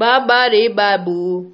Babari boo.